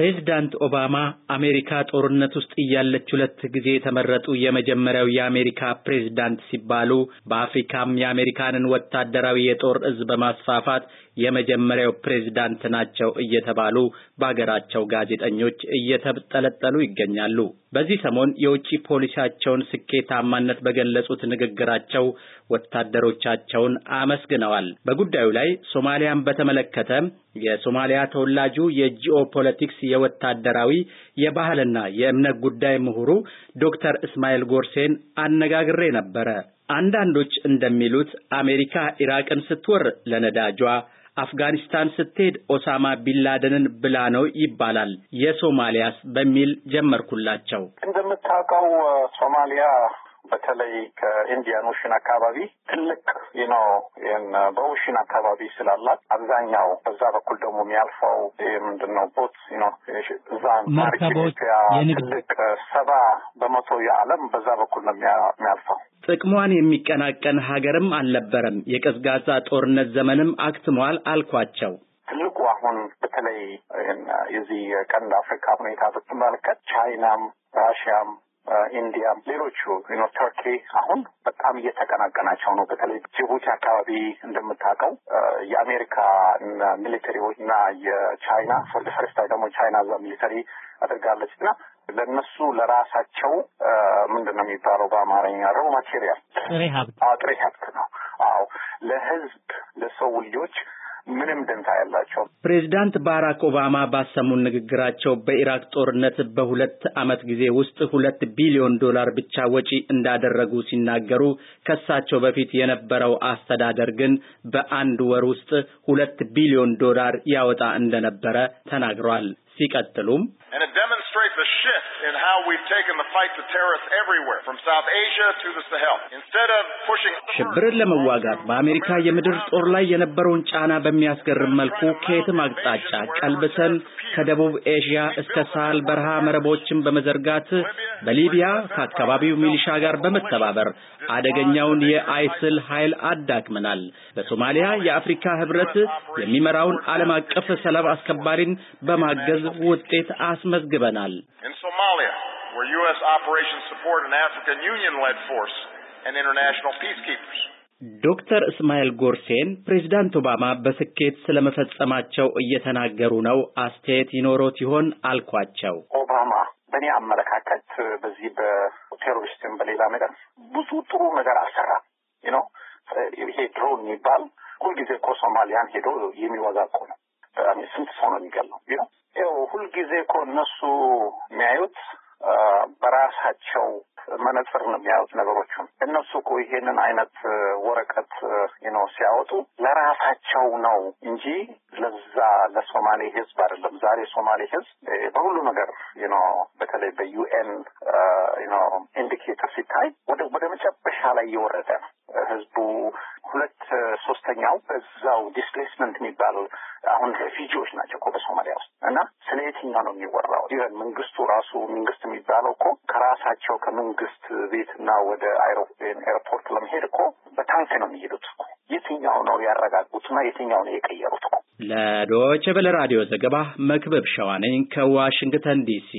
ፕሬዝዳንት ኦባማ አሜሪካ ጦርነት ውስጥ እያለች ሁለት ጊዜ የተመረጡ የመጀመሪያው የአሜሪካ ፕሬዝዳንት ሲባሉ በአፍሪካም የአሜሪካንን ወታደራዊ የጦር እዝ በማስፋፋት የመጀመሪያው ፕሬዝዳንት ናቸው እየተባሉ በአገራቸው ጋዜጠኞች እየተጠለጠሉ ይገኛሉ። በዚህ ሰሞን የውጭ ፖሊሲያቸውን ስኬታማነት በገለጹት ንግግራቸው ወታደሮቻቸውን አመስግነዋል። በጉዳዩ ላይ ሶማሊያን በተመለከተ የሶማሊያ ተወላጁ የጂኦ ፖለቲክስ የወታደራዊ የባህልና የእምነት ጉዳይ ምሁሩ ዶክተር እስማኤል ጎርሴን አነጋግሬ ነበረ። አንዳንዶች እንደሚሉት አሜሪካ ኢራቅን ስትወር ለነዳጇ አፍጋኒስታን ስትሄድ ኦሳማ ቢንላደንን ብላ ነው ይባላል። የሶማሊያስ በሚል ጀመርኩላቸው። እንደምታውቀው ሶማሊያ በተለይ ከኢንዲያን ኦሽን አካባቢ ትልቅ ነው። uh, በኦሽን አካባቢ ስላላት አብዛኛው በዛ በኩል ደግሞ የሚያልፈው ምንድን ነው ቦት እዛ ትልቅ uh, ሰባ በመቶ የዓለም በዛ በኩል ነው የሚያልፈው። ጥቅሟን የሚቀናቀን ሀገርም አልነበረም። የቀዝቃዛ ጦርነት ዘመንም አክትሟል አልኳቸው። ትልቁ አሁን በተለይ uh, የዚህ ቀንድ አፍሪካ ሁኔታ ስትመለከት ቻይናም ራሽያም ኢንዲያ፣ ሌሎቹ ተርኪ አሁን በጣም እየተቀናቀናቸው ነው። በተለይ ጅቡቲ አካባቢ እንደምታውቀው የአሜሪካ ሚሊተሪ እና የቻይና ፎር ዘ ደግሞ ቻይና እዛ ሚሊተሪ አድርጋለች እና ለእነሱ ለራሳቸው ምንድን ነው የሚባለው በአማርኛ ሮ ማቴሪያል ሀብት ጥሬ ሀብት ነው። አዎ ለህዝብ ለሰው ልጆች ምንም ድምፅ ያላቸው። ፕሬዚዳንት ባራክ ኦባማ ባሰሙን ንግግራቸው በኢራቅ ጦርነት በሁለት ዓመት ጊዜ ውስጥ ሁለት ቢሊዮን ዶላር ብቻ ወጪ እንዳደረጉ ሲናገሩ ከሳቸው በፊት የነበረው አስተዳደር ግን በአንድ ወር ውስጥ ሁለት ቢሊዮን ዶላር ያወጣ እንደነበረ ተናግሯል። ሲቀጥሉም the shift in how we've taken the fight to terrorists everywhere from South Asia to the Sahel. Instead of pushing ሽብርን ለመዋጋት በአሜሪካ የምድር ጦር ላይ የነበረውን ጫና በሚያስገርም መልኩ ከየትም አቅጣጫ ቀልብሰን ከደቡብ ኤዥያ እስከ ሳህል በረሃ መረቦችን በመዘርጋት በሊቢያ ከአካባቢው ሚሊሻ ጋር በመተባበር አደገኛውን የአይስል ኃይል አዳክመናል። በሶማሊያ የአፍሪካ ህብረት የሚመራውን ዓለም አቀፍ ሰላም አስከባሪን በማገዝ ውጤት አስመዝግበናል። In Somalia, where U.S. operations support an African Union-led force and international peacekeepers. ዶክተር እስማኤል ጎርሴን ፕሬዚዳንት ኦባማ በስኬት ስለመፈጸማቸው እየተናገሩ ነው። አስተያየት ይኖሮት ይሆን አልኳቸው። ኦባማ በእኔ አመለካከት በዚህ በቴሮሪስትም በሌላ ነገር ብዙ ጥሩ ነገር አልሰራ አልሰራም። ይሄ ድሮን የሚባል ሁልጊዜ እኮ ሶማሊያን ሄዶ የሚወጋ እኮ ነው ጊዜ እኮ እነሱ የሚያዩት በራሳቸው መነጽር ነው የሚያዩት ነገሮቹን። እነሱ እኮ ይሄንን አይነት ወረቀት ነው ሲያወጡ ለራሳቸው ነው እንጂ ለዛ ለሶማሌ ህዝብ አይደለም። ዛሬ ሶማሌ ህዝብ በሁሉ ነገር ዩኖ በተለይ በዩኤን ዩኖ ኢንዲኬተር ሲታይ ወደ ወደ መጨረሻ ላይ እየወረደ ነው ህዝቡ ሁለት ሶስተኛው በዛው ዲስፕሌስመንት የሚባል አሁን ሬፊጂዎች ናቸው እኮ በሶማሊያ ውስጥ እና ስለ የትኛው ነው የሚወራው? ኢቨን መንግስቱ ራሱ መንግስት የሚባለው እኮ ከራሳቸው ከመንግስት ቤትና ወደ ኤርፖርት ለመሄድ እኮ በታንክ ነው የሚሄዱት እኮ የትኛው ነው ያረጋጉትና የትኛው ነው የቀየሩት? ለዶይቸ ቬለ ራዲዮ ዘገባ መክበብ ሸዋነኝ ከዋሽንግተን ዲሲ